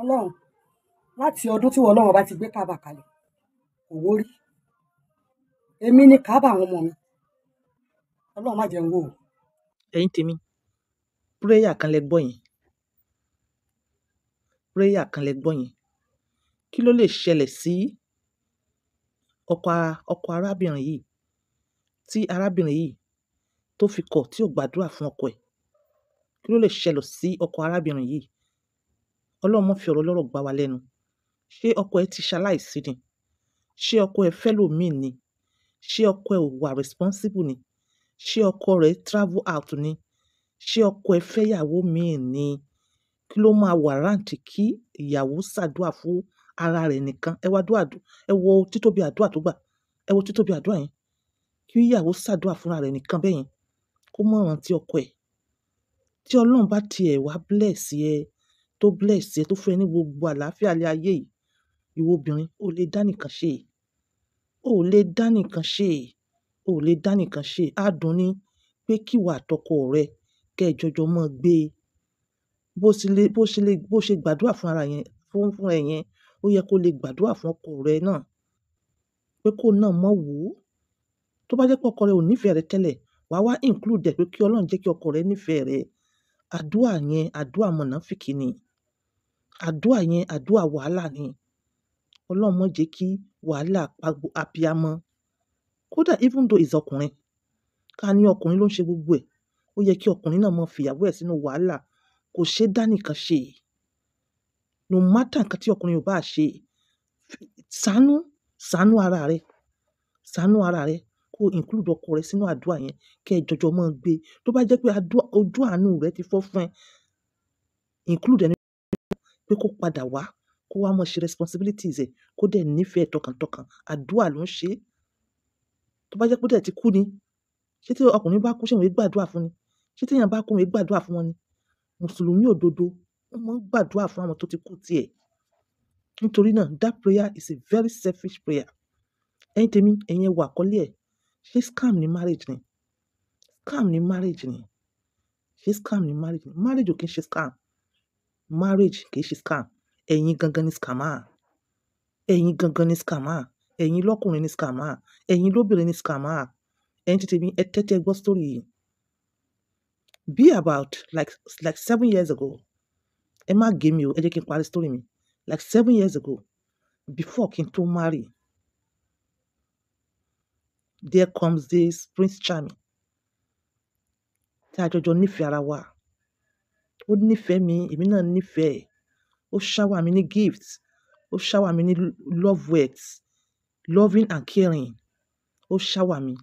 ọlọ́run láti ọdún tí ọlọ́run bá ti gbé kábà kalẹ̀ owó rí èmi ni kábà àwọn ọmọ mi ọlọ́run má jẹun wò ó. ẹ̀yin tèmi púrẹ́yà kan lẹ gbọ́ yẹn púrẹ́yà kan lẹ gbọ́ yẹn kí ló lè ṣẹlẹ̀ sí ọkọ ọkọ arábìnrin yìí tí arábìnrin yìí tó fi kọ̀ tí ò gbàdúrà fún ọkọ ẹ̀ kí ló lè ṣẹlẹ̀ sí ọkọ arábìnrin yìí Ọlọ́run má fi ọ̀rọ̀ ọlọ́rọ̀ gbá wa lẹ́nu. Ṣé ọkọ ẹ ti ṣaláìsí ni? Ṣé ọkọ ẹ fẹ́ lòmíì ni? Ṣé ọkọ ẹ wà responsible ni? Ṣé ọkọ rẹ travel out ni? Ṣé ọkọ ẹ fẹ́ ìyàwó míì ni? Kí ló máa warrant kí ìyàwó ṣàdúà fún ara rẹ̀ nìkan? Ẹ wá dúà, ẹ wo títóbi àdúà tó gbà. Ẹ wo títóbi àdúà yẹn. Kí ìyàwó ṣàdúà fúnra rẹ̀ nìkan bẹ́yẹn. Kó mọ̀ rántí ọkọ ẹ̀. Tí Ọlọ́run bá ti wá bless ẹ tó bless ẹ tó fún ẹ ní gbogbo àlàáfíà ilé ayé yìí ìwọ obìnrin ò lè dá nìkan ṣe ò lè dá nìkan ṣe ò lè dá nìkan ṣe adùn ni pé kíwà àtọkọ rẹ kẹ́ ẹ jọjọ mọ́ gbé e bó sì lè bó ṣe lè bó ṣe gbàdúrà fún ara yẹn fún fún ẹ yẹn ó yẹ kó lè gbàdúrà fún ọkọ rẹ náà pé kó náà mọ̀ wò ó tó bá jẹ́ pé ọkọ rẹ ò nífẹ̀ẹ́ rẹ tẹ́lẹ̀ wà á wá include ẹ̀ pé kí ọlọ́run jẹ́ kí ọkọ rẹ nífẹ̀ẹ́ rẹ àdúrà yẹn àdúrà mọ̀nàfìkì ni àdúà yẹn àdúà wàhálà ni. Ọlọ́run má jẹ́ kí wàhálà pa abiyamọ. Kódà even though is ọkùnrin, ká ní ọkùnrin ló ń ṣe gbogbo ẹ̀, ó yẹ kí ọkùnrin náà máa fi ìyàwó ẹ̀ sínú wàhálà. Kò ṣe dá nìkan ṣe. No matter ǹkan tí ọkùnrin ò bá ṣe, ṣàánú, ṣàánú ara rẹ. Ṣàánú ara rẹ. Ko include ọkọ rẹ sínú àdúà yẹn kí ẹ jọjọ máa gbé. Tó bá jẹ́ pé ojú àánú rẹ ti fọ́ fún ẹ, include ẹni pé kó padà wá kó wá mọ̀ ṣe responsibilities ẹ̀ kó dẹ̀ nífẹ̀ẹ́ tọkàntọkàn àdúrà ló ń ṣe é tó bá jẹ́ pé ó dẹ̀ ti kú ni ṣé tí ọkùnrin bá kú ṣé wọ́n gbàdúrà fún ni ṣé tí èèyàn bá kú wọ́n gbàdúrà fún wọn ni mùsùlùmí òdodo wọ́n máa ń gbàdúrà fún àwọn tó ti kú tiẹ̀ nítorí náà that prayer is a very selfish prayer ẹ̀yin tèmi ẹ̀yin ẹwà àkọlé ẹ̀ ṣé scam ni marriage ni scam ni marriage ni ṣé scam ni marriage ni marriage ò kí ń ṣe scam Marriage kì í ṣe scam. Ẹ̀yin gangan ni scammer. Ẹ̀yin gangan ni scammer. Ẹ̀yin lọ́kùnrin ni scammer. Ẹ̀yin lóbìnrin ni scammer. Ẹ̀yin tètè mi, ẹ tẹ́tí gbọ́ story yìí. Be about like, like seven years ago. Ẹ má gé mi o, ẹ jẹ́ kí n parí story mi. Like seven years ago, before kí n tó marry, there comes this Prince Charming. Tí a jọjọ nífẹ̀ẹ́ ara wa. Ó nífẹ̀ẹ́ mi, èmi náà nífẹ̀ẹ́ ẹ̀. Ó shower mi ní gift, ó shower mi ní love words, loving and caring. Ó shower mi.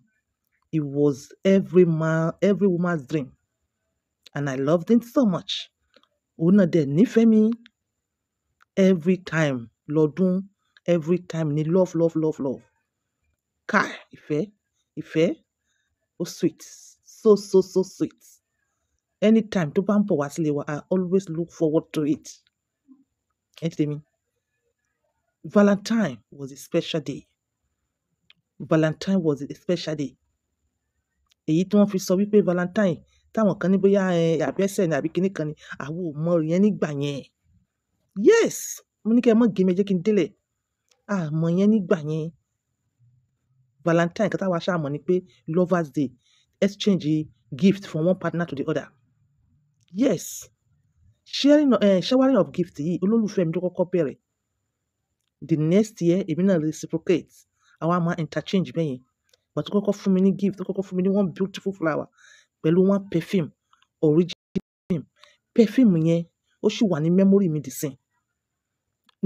It was every man, every woman's dream and I loved him so much. Òun náà dẹ̀ nífẹ̀ẹ́ mi every time lọ́dún, every time ni love, love, love, love. Kai! Ìfẹ́, ìfẹ́. Ó sweet. So, so, so sweet anytime tó bá ń bọ̀ wá sílé wa, I always look forward to it. Ẹ ti Valentine was a special day. Valentine was a special day. Èyí tí wọ́n fi sọ wípé Valentine táwọn kan ní bóyá àbí ẹsẹ̀ ni àbí kíní kan ni àwọn ò mọ yẹn nígbà yẹn. Yes! Mo ní kí ẹ mọ̀ gé mi jẹ́ kí n délẹ̀. A mọ̀ nígbà yẹn. Valentine kí táwa ṣáà mọ̀ ni pé lovers day exchange gift from one partner to the other. Yes, sharing, eh, showering of gift yìí olólùfẹ́ mi ló kọ́kọ́ bẹ̀rẹ̀. The next year, èmi náà reciprocate. Àwa máa interchange bẹ́ẹ̀ yẹn. Ìgbà tó kọ́kọ́ fún mi ní gift, tó kọ́kọ́ fún mi ní one beautiful flower pẹ̀lú one perfume, original perfume. Perfume yẹn ó sì wà ní memory mi di ìsín.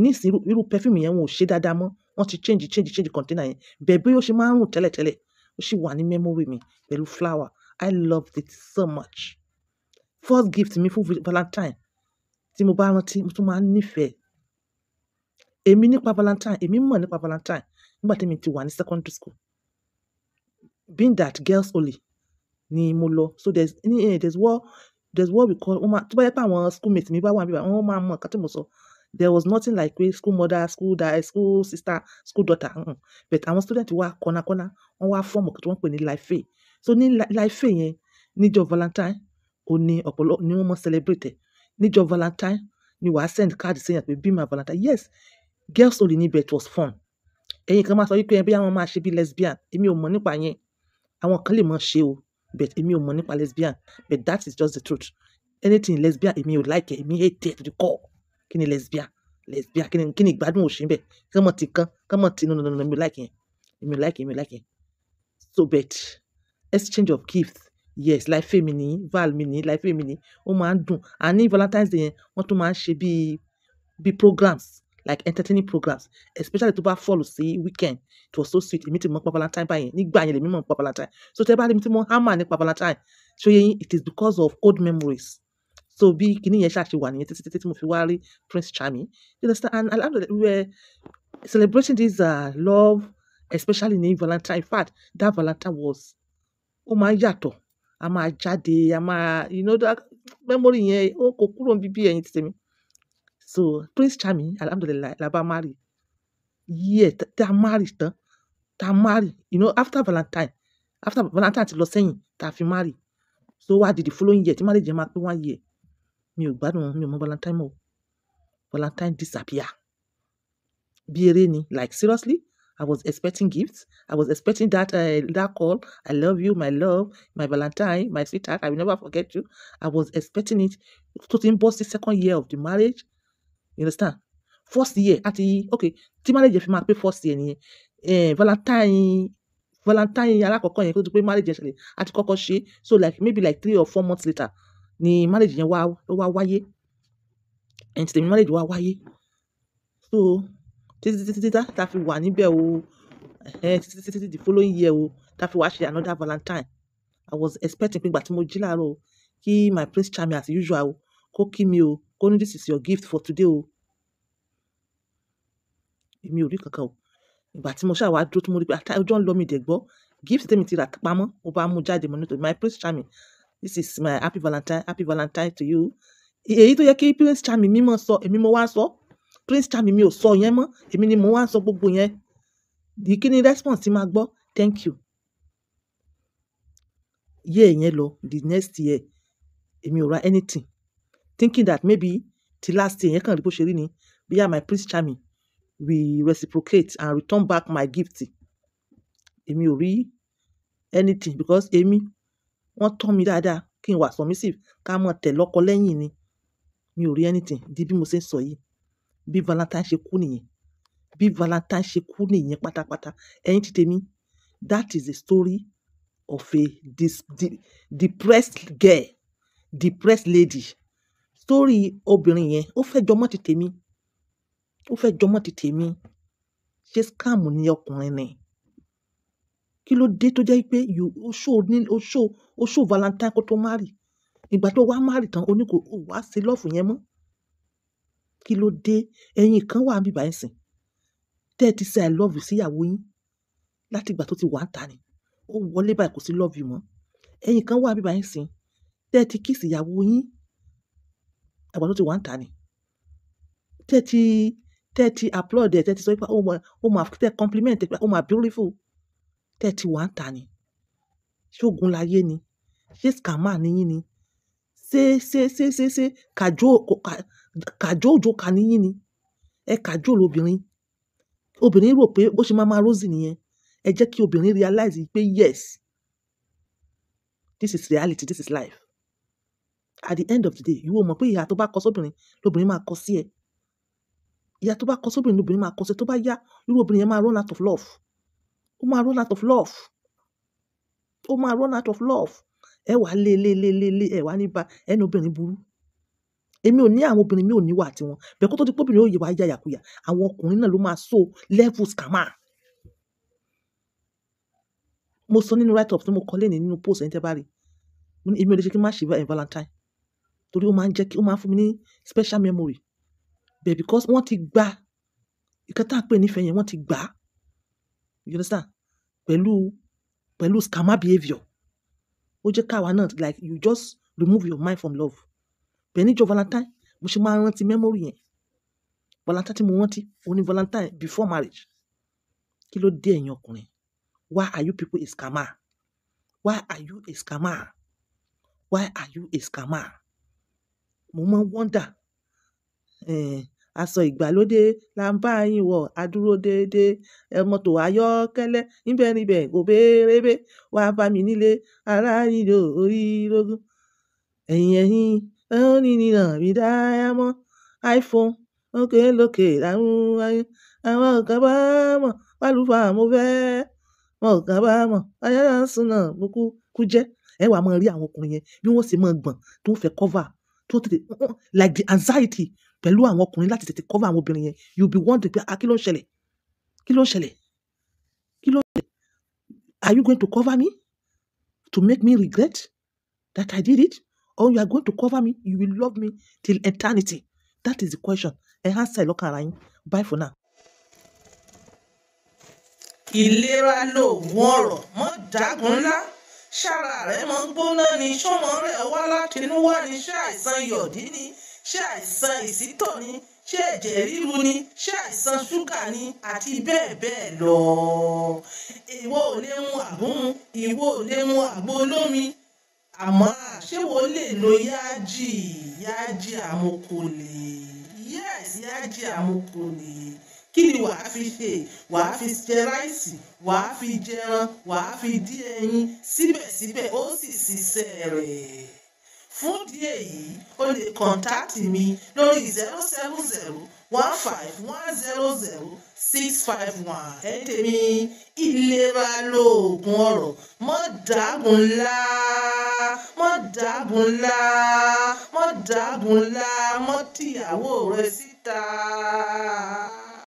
Nísìnyí irú, perfume yẹn wọn ò ṣe dáadáa mọ́. Wọ́n ti change, change, change container yẹn. But bí ó ṣe máa ń rùn tẹ́lẹ̀tẹ́lẹ̀, ó sì wà ní memory mi pẹ̀lú flower. I loved it so much first gift mi fún Valentine tí mo bá rántí mo tún máa ń nífẹ̀ẹ́. Èmi nípa Valentine, èmi mọ̀ nípa Valentine nígbà tí èmi ti wà ní secondary school. Being that girls only ni mo lọ. So there's, ní, eh, there's what, there's what we call, wọ́n máa, tó bá jẹ́ pé àwọn schoolmates mi bá wà níbí, wọ́n máa mọ nǹkan tí mo sọ. There was nothing like pé school mother, school da, school sister, school daughter. Mm-mm. But àwọn student wa kọ́nàkọ́nà, wọ́n wá form nǹkan tí wọ́n ń pè ní life. So ní life yẹn, níjọ́ Valentine, ó ní ọ̀pọ̀lọ ni wọ́n mọ̀ celebrate ẹ̀ níjọ valentine ni wàá send card sí yàn pé be my valentine yes girls only níbẹ̀ it was fun ẹ̀yin kan máa sọ wípé ẹ bí àwọn máa ṣe bí lesbian èmi ò mọ̀ nípa yẹn àwọn kan lè mọ̀ ṣe o but èmi ò mọ̀ nípa lesbian but that is just the truth anything lesbian èmi ò like ẹ̀ èmi hate ẹ̀ to the core kí ni lesbian lesbian kí ni kí ni ìgbádùn òṣì bẹ́ẹ̀ kí wọ́n ti kán kí wọ́n ti no no no no èmi ò like yẹn èmi ò like yẹn èmi ò like yẹn so but exchange of gifts yes life mi nìyí Val mi nìyí láìfẹ́ mi nìyí ó máa and ní Valentine's Day yẹn wọ́n tún máa ń ṣe bí bí programs like entertaining programs especially tó bá fall sí weekend it was so sweet èmi ti mọ̀ pa Valentine báyìí nígbà yẹn lèmi mọ̀ pa Valentine so tẹ́ bá rí mi tí mo hammer nípa Valentine ṣó yẹ yín it is because of old memories so bí kinní yẹn ṣáà ṣe wà nìyẹn títí mo fi wá Prince Charming you understand and alhamdulilayi we were celebrating this uh, love especially ní Valentine in fact that Valentine was ó máa yàtọ̀ a máa jáde, a máa, you know that memory yẹn ó kó kúrò ní bíbí ẹ̀yin títè So Prince Charming, Alhamdulillah, la bá marry. Year tá a marry tán, tá a you know after Valentine, after Valentine ti lọ sẹ́yìn tá a fi marry. So wá di the following year tí marriage yẹn máa pé one year. Mi ò gbádùn, mi ò mọ Valentine mọ́ Valentine disappear. Bí eré ni, like seriously, I was expecting gifts. I was expecting that uh, that call. I love you, my love, my Valentine, my sweetheart. I will never forget you. I was expecting it to embrace the second year of the marriage. You understand? First year, at the okay, the marriage if you pay first year, eh, Valentine. Valentine alákọ̀ọ́kọ́ yẹn kó tó marriage actually at kọ́kọ́ she. so like maybe like three or four months later ni marriage yẹn wá wá ye. and the marriage wá ye. so títí títí fi wà níbẹ̀ o títí the following year o tá fi wá ṣe another valentine i was expecting pé ìgbà tí mo jí láàárọ̀ kí my prince charming as usual o kó kí mi o kó ní this is your gift for today o èmi ò rí kankan o ìgbà tí mo ṣàwá dúró tí mo rí pé ah, ọjọ́ ń lọ mi dẹ̀ gbọ́ gift tèmi ti rà pamọ́ mo bá mú jáde mo ní to my prince charming this is my happy valentine happy valentine to you èyí tó yẹ kí prince charming mímọ sọ èmi mo wá sọ. So Prince Charming mi ò sọ yẹn mọ́ èmi ni mò ń wá sọ gbogbo yẹn kí ni response tí màá gbọ́ thank you year yẹn lọ the next year èmi ò ra anything thinking that maybe the last year yẹn kàn rí bó ṣe rí ni bóyá my Prince Charming we reciprocate and return back my gift èmi ò rí anything because èmi wọ́n tọ́ mi dáadáa kí n wà submissive ká mọ̀ tẹ̀ lọ́kọ lẹ́yìn ni mi ò rí anything di bí mo ṣe ń sọ yìí. Bí Valentine ṣe kú nìyẹn. Bí Valentine ṣe kú nìyẹn pátápátá. Ẹ̀yin ti tèmi, that is the story of a dis, de, depressed girl, depressed lady. Story obìnrin yẹn ó fẹ́ jọmọ́ ti tèmi. Ó fẹ́ jọmọ́ ti tèmi. Ṣé scam ni ọkùnrin ni? Kí ló dé tó jẹ́ pé you, o show ní, o show, o show Valentine kó tó marry. Ìgbà tó wá marry tán, o ní o wá ṣe love yẹn mọ́ kí ló dé ẹ̀yin kan wà bíbá ẹ̀sìn tẹ́ ẹ ti ṣe i love you síyàwó yín láti ìgbà tó ti wà ń ta ni ó wọlé báyìí kò sí love you mọ́ ẹ̀yin kan wà bíbá ẹ̀sìn tẹ́ ẹ ti kiss ìyàwó yín àgbà tó ti wà ń ta ni tẹ́ ti tẹ́ ti applaud ẹ̀ tẹ́ ẹ ti sọ pé ó mọ ó compliment ẹ pé ó mọ beautiful tẹ́ ẹ ti wà ń ta ni ṣógun láyé ni ṣé scammer níyín ni ṣé ṣé ṣé ṣé ṣé kàjó kàjó òjò ka níyìn ni. Ẹ kàjó lóbìnrin. Obìnrin rò pé bó ṣe máa máa rosy nìyẹn. Ẹ jẹ́ kí obìnrin realize pé yes, this is reality, this is life. At the end of the day, ìwọ mọ̀ pé ìhà tó bá kọ sóbìnrin, lóbìnrin máa kọ sí ẹ. Ìhà tó bá kọ sóbìnrin, lóbìnrin máa kọ sí ẹ. Tó bá yá, irú obìnrin yẹn máa run out of love. Ó máa run out of love. Ó máa run out of love. Ẹ wà lé lé lé lé lé, ẹ wà ní ba, ẹni obìnrin burú. Èmi ò ní àwọn obìnrin mi ò ní ìwà tiwọn. But kó tó di pé obìnrin ó yè wá yáyàkuyà, àwọn ọkùnrin náà ló máa so level scammer. Mo sọ nínú write up tí mo kọ léènì nínú post ẹni tí ẹ bá rí. Mo ní èmi ò lè ṣe kí n má ṣe Valentine. Torí ó máa ń jẹ́ kí ó máa ń fún mi ní special memory. But because wọ́n ti gba nǹkan tí à ń pè ní ìfẹ́ yẹn, wọ́n ti gbà. You understand? Pẹ̀lú, pẹ̀lú scammer behavior. Ó jẹ́ ká wa náà like you just remove your mind from love. Bẹ́ẹ̀ níjọ́ Valentine, mo ṣe máa ń rántí memory yẹn. Valentine tí mo rántí, òun ni Valentine before marriage. Kí ló dé ẹ̀yin ọkùnrin? Why are you people a scammer? Why are you a scammer? Why are you a scammer? Mo máa ń wonder. Eh, aṣọ ìgbàlódé la ń bá yín wọ̀, adúró déédéé, ẹ mọ́tò ayọ́kẹ́lẹ́, níbẹ̀ níbẹ̀ kò béèrèbé, wá bá mi nílé, ará yín ló orí rógún. Ẹ̀yin onínìná mi dáyà mọ́ iPhone òkè lókè làwọn ayé àwọn ọ̀gá bá mọ̀ pálùfà mo fẹ́ mọ̀ ọ̀gá bá mọ̀ ayára ń sunà mo kú kú jẹ́ ẹ wàá máa rí àwọn ọkùnrin yẹn bí wọ́n sì máa gbọ̀n tó ń fẹ́ cover tó tètè like the anxiety pẹ̀lú àwọn ọkùnrin láti tètè cover àwọn obìnrin yẹn you be wonder pé ah kí ló ń ṣẹlẹ̀ kí ló ń ṣẹlẹ̀ kí ló ń ṣẹlẹ̀ are you going to cover me to make me regret that I did it? or you are going to cover me you will love me till eternity that is the question ẹ hàn sẹ ara yín bye for now. ìlera lóògùn ọrọ̀ mọ́ jagun ńlá ṣára rẹ̀ mọ́ gbóná ni ṣọ́mọ rẹ̀ wá látinú wá ni ṣé àìsàn yọ̀dí ni ṣé àìsàn ìsítọ̀ ni ṣé ẹ̀jẹ̀ ríru ni ṣé àìsàn ṣúgà ni àti bẹ́ẹ̀ bẹ́ẹ̀ lọ. ìwọ ò lè mu àgbo ìwọ ò lè mu àgbo olómi Amma ṣé mo lè lo yájì? Yájì amokòlè. Yes, yájì amokòlè. Kí ni wà á fi ṣe? Wà á fi jẹ ráìsì, wà á fi jẹran, wà á fi dín ẹyin, síbẹ̀síbẹ̀ ó sì ṣiṣẹ́ rẹ̀ fún díẹ̀ yìí o lè kọ̀ǹtáàtì mi lórí zero seven zero one five one zero zero six five one ẹ tèmi ìlera lóògùn ọ̀rọ̀ mọ́ dàgùn ńlá mọ́ dàgùn ńlá mọ́ dàgùn ńlá mọ́ tìyàwó rẹ síta.